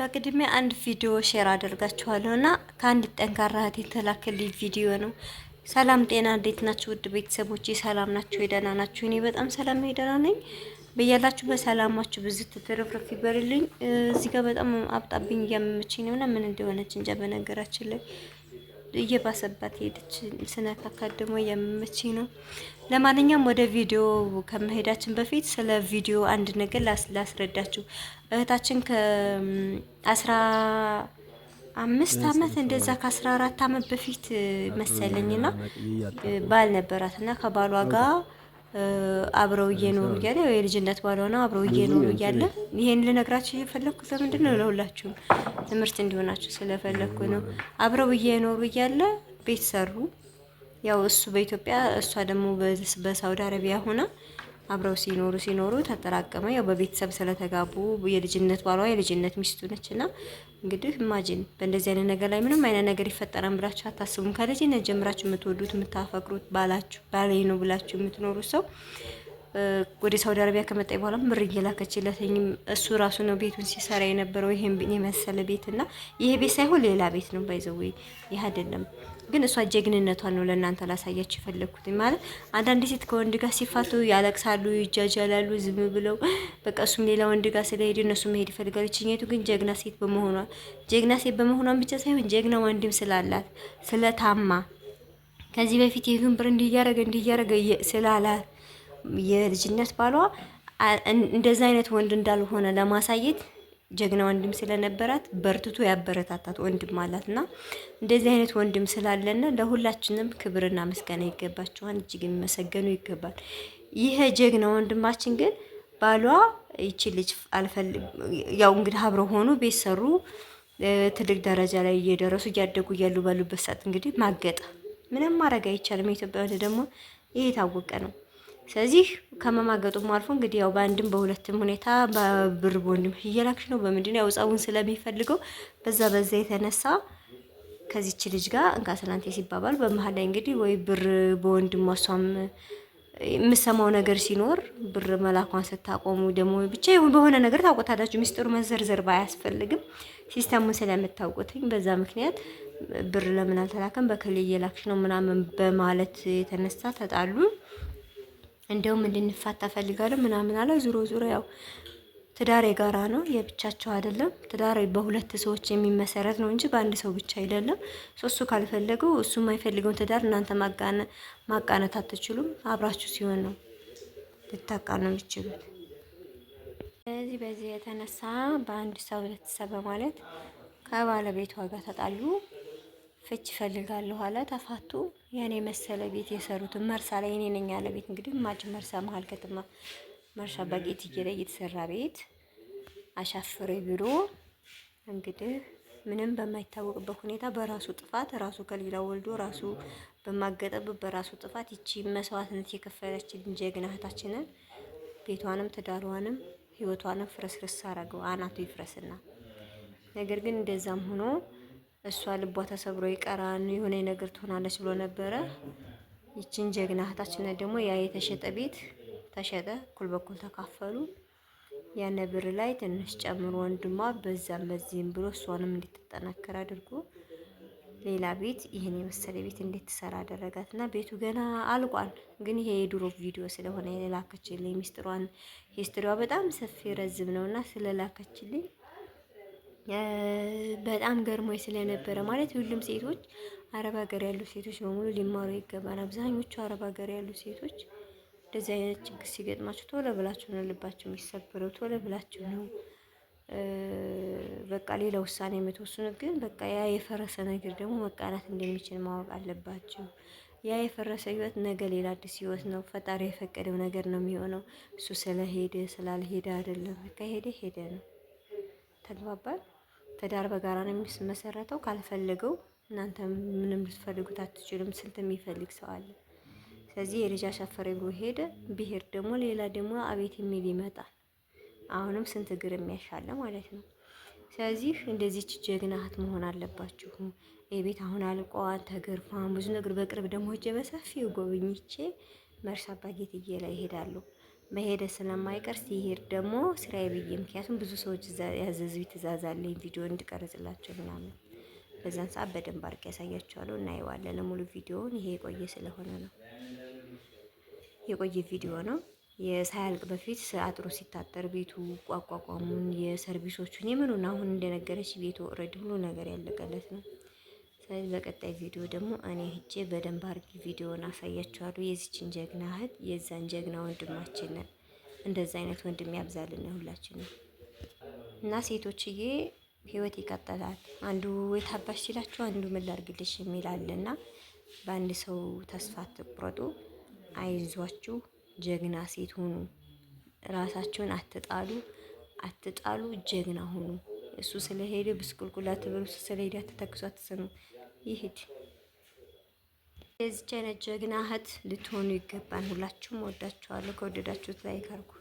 በቅድሚያ አንድ ቪዲዮ ሼር አደርጋችኋለሁ እና ከአንድ ጠንካራ እህት የተላከልኝ ቪዲዮ ነው። ሰላም ጤና፣ እንዴት ናችሁ ውድ ቤተሰቦች? ሰላም ናችሁ? የደህና ናችሁ? እኔ በጣም ሰላም ነኝ፣ ደህና ነኝ። በያላችሁ በሰላማችሁ ብዙ ትትርፍርፍ ይበልልኝ። እዚህ ጋር በጣም አብጣብኝ እያመመችኝ ነው እና ምን እንደሆነች እንጃ። በነገራችን ላይ እየባሰባት ሄደች። ስነካካት ደግሞ የምመቼ ነው። ለማንኛውም ወደ ቪዲዮ ከመሄዳችን በፊት ስለ ቪዲዮ አንድ ነገር ላስረዳችሁ። እህታችን ከአስራ አምስት አመት እንደዛ ከአስራ አራት አመት በፊት መሰለኝና ባል ነበራት እና ከባሏ ጋር አብረው እየኖሩ እያለ የልጅነት ባሏ ነው። አብረው እየኖሩ እያለ ይሄን ልነግራችሁ የፈለግኩት ለምንድን ነው? ለሁላችሁም ትምህርት እንዲሆናችሁ ስለፈለግኩ ነው። አብረው እየኖሩ እያለ ቤት ሰሩ። ያው እሱ በኢትዮጵያ እሷ ደግሞ በሳውዲ አረቢያ ሆና አብረው ሲኖሩ ሲኖሩ ተጠራቀመ። ያው በቤተሰብ ስለተጋቡ የልጅነት ባሏ የልጅነት ሚስቱ ነች እና እንግዲህ ኢማጂን በእንደዚህ አይነት ነገር ላይ ምንም አይነት ነገር ይፈጠራል ብላችሁ አታስቡም። ከልጅነት ጀምራችሁ የምትወዱት የምታፈቅሩት ባላችሁ ባሌ ነው ብላችሁ የምትኖሩት ሰው ወደ ሳውዲ አረቢያ ከመጣ በኋላ ምር እየላከችለትኝም እሱ ራሱ ነው ቤቱን ሲሰራ የነበረው። ይሄን የመሰለ ቤት እና ይሄ ቤት ሳይሆን ሌላ ቤት ነው። ባይዘዌ ይህ አይደለም ግን እሷ ጀግንነቷን ነው ለእናንተ ላሳያችሁ የፈለግኩት። ማለት አንዳንድ ሴት ከወንድ ጋር ሲፋቱ ያለቅሳሉ፣ ይጃጃላሉ ዝም ብለው በቃ እሱም ሌላ ወንድ ጋር ስለሄዱ እነሱ መሄድ ይፈልጋሉ። ችኘቱ ግን ጀግና ሴት በመሆኗ ጀግና ሴት በመሆኗን ብቻ ሳይሆን ጀግና ወንድም ስላላት ስለታማ ከዚህ በፊት ይህን ብር እንዲያረገ እንዲያረገ ስላላት የልጅነት ባሏ እንደዚህ አይነት ወንድ እንዳልሆነ ለማሳየት ጀግና ወንድም ስለነበራት በርትቶ ያበረታታት ወንድም አላት እና እንደዚህ አይነት ወንድም ስላለና ለሁላችንም ክብርና ምስጋና ይገባችኋል፣ እጅግ የሚመሰገኑ ይገባል። ይሄ ጀግና ወንድማችን ግን ባሏ ይቺ ልጅ አልፈልግ ያው እንግዲህ አብረው ሆኑ ቤት ሰሩ። ትልቅ ደረጃ ላይ እየደረሱ እያደጉ እያሉ ባሉበት ሰዓት እንግዲህ ማገጠ ምንም ማድረግ አይቻልም። የኢትዮጵያ ደግሞ ይሄ የታወቀ ነው። ስለዚህ ከመማገጡም አልፎ እንግዲህ ያው በአንድም በሁለትም ሁኔታ በብር በወንድም እየላክሽ ነው በምንድን ያው ጸቡን ስለሚፈልገው በዛ በዛ የተነሳ ከዚች ልጅ ጋር እንካ ስላንቴ ሲባባል በመሀል ላይ እንግዲህ ወይ ብር በወንድሟ እሷም የምሰማው ነገር ሲኖር ብር መላኳን ስታቆሙ ደግሞ ብቻ ይሁን በሆነ ነገር ታውቆታላችሁ። ሚስጥሩ መዘርዘር ባያስፈልግም ሲስተሙን ስለምታውቁትኝ በዛ ምክንያት ብር ለምን አልተላከም በክልል እየላክሽ ነው ምናምን በማለት የተነሳ ተጣሉ። እንደውም እንድንፋታ ፈልጋለሁ ምናምን አለ። ዙሮ ዙሮ ያው ትዳር የጋራ ነው፣ የብቻቸው አይደለም። ትዳር በሁለት ሰዎች የሚመሰረት ነው እንጂ በአንድ ሰው ብቻ አይደለም። ሶስቱ ካልፈለገው እሱ የማይፈልገውን ትዳር እናንተ ማቃነት አትችሉም። አብራችሁ ሲሆን ነው ልታቃኑ የምትችሉት። ስለዚህ በዚህ የተነሳ በአንድ ሰው ለተሰበ ማለት ከባለቤቷ ጋር ተጣሉ። ፍች እፈልጋለሁ አለ። ተፋቱ። የኔ መሰለ ቤት የሰሩትን መርሳ ላይ እኔ ነኝ ያለ ቤት እንግዲህ ማጭ መርሳ መሀል ከተማ መርሳ በጌት ላይ የተሰራ ቤት አሻፍሬ ቢሮ እንግዲህ ምንም በማይታወቅበት ሁኔታ በራሱ ጥፋት ራሱ ከሌላ ወልዶ ራሱ በማገጠብ በራሱ ጥፋት ይቺ መስዋዕትነት የከፈለችን ጀግና እህታችንን ቤቷንም ትዳሯንም ሕይወቷንም ፍርስርስ አረገው። አናቱ ይፍረስና ነገር ግን እንደዛም ሆኖ እሷ ልቧ ተሰብሮ ይቀራል የሆነ ነገር ትሆናለች ብሎ ነበረ። ይችን ጀግና እህታችን ደግሞ ያ የተሸጠ ቤት ተሸጠ፣ እኩል በኩል ተካፈሉ። ያነ ብር ላይ ትንሽ ጨምሮ ወንድሟ በዛም በዚህም ብሎ እሷንም እንድትጠናከር አድርጎ ሌላ ቤት ይህን የመሰለ ቤት እንዴት ትሰራ አደረጋት እና ቤቱ ገና አልቋል። ግን ይሄ የድሮ ቪዲዮ ስለሆነ የላከችልኝ ሚስጥሯን ሂስትሪዋ በጣም ሰፊ ረዝም ነው እና ስለላከችልኝ በጣም ገርሞኝ ስለነበረ ማለት ሁሉም ሴቶች አረብ ሀገር ያሉ ሴቶች በሙሉ ሊማሩ ይገባል። አብዛኞቹ አረብ ሀገር ያሉ ሴቶች እንደዚህ አይነት ችግር ሲገጥማቸው ቶሎ ብላቸው ነው ልባቸው የሚሰበረው፣ ቶሎ ብላችሁ ነው በቃ ሌላ ውሳኔ የምትወስኑት። ግን በቃ ያ የፈረሰ ነገር ደግሞ መቃናት እንደሚችል ማወቅ አለባቸው። ያ የፈረሰ ህይወት ነገ ሌላ አዲስ ህይወት ነው። ፈጣሪ የፈቀደው ነገር ነው የሚሆነው። እሱ ስለሄደ ስላልሄደ አይደለም። ሄደ ሄደ ነው። ተግባባል። ትዳር በጋራ ነው የሚመሰረተው። ካልፈለገው እናንተ ምንም ልትፈልጉት አትችሉም። ስልት የሚፈልግ ሰው አለ። ስለዚህ የልጅ አሻፈረ ብሎ ሄደ ብሄር ደግሞ ሌላ ደግሞ አቤት የሚል ይመጣል። አሁንም ስንት እግር የሚያሻለ ማለት ነው። ስለዚህ እንደዚች ጀግና እህት መሆን አለባችሁ። የቤት አሁን አልቋን ተገርፋን ብዙ ነገር በቅርብ ደግሞ ሄጄ በሰፊው ጎብኝቼ መርሳ አባጌትዬ ላይ ይሄዳሉ። መሄደ ስለማይቀር ሲሄድ ደግሞ ስራዬ ብዬ ምክንያቱም ብዙ ሰዎች ያዘዙ ትእዛዝ አለኝ ቪዲዮ እንድቀርጽላቸው ምናምን በዛን ሰዓት በደንብ አድርጌ ያሳያቸዋለሁ። እናየዋለን ሙሉ ቪዲዮውን። ይሄ የቆየ ስለሆነ ነው የቆየ ቪዲዮ ነው። የሳያልቅ በፊት አጥሮ ሲታጠር ቤቱ ቋቋቋሙን የሰርቪሶቹን፣ የምኑን አሁን እንደነገረች ቤቱ ኦልሬዲ ሁሉ ነገር ያለቀለት ነው። በቀጣይ ቪዲዮ ደግሞ እኔ ህጄ በደንብ አርጊ ቪዲዮን አሳያችኋለሁ። የዚችን ጀግና እህት የዛን ጀግና ነን። እንደዛ አይነት ወንድም ያብዛልን ሁላችንም እና ሴቶችዬ ህይወት ይቀጥላል። አንዱ የታባሽ ሲላችሁ አንዱ ምን የሚላል የሚላልና በአንድ ሰው ተስፋ አትቁረጡ። አይዟችሁ፣ ጀግና ሴት ሁኑ። ራሳችሁን አትጣሉ፣ አትጣሉ፣ ጀግና ሁኑ። እሱ ስለሄደ ብስቁልቁላ ትብሉ፣ ስለሄደ አትተክሱ፣ አትሰኑ። ይሄድ። የዚህ ጀግና እህት ልትሆኑ ይገባል። ሁላችሁም ወዳችኋለሁ። ከወደዳችሁት ላይ ካርጉ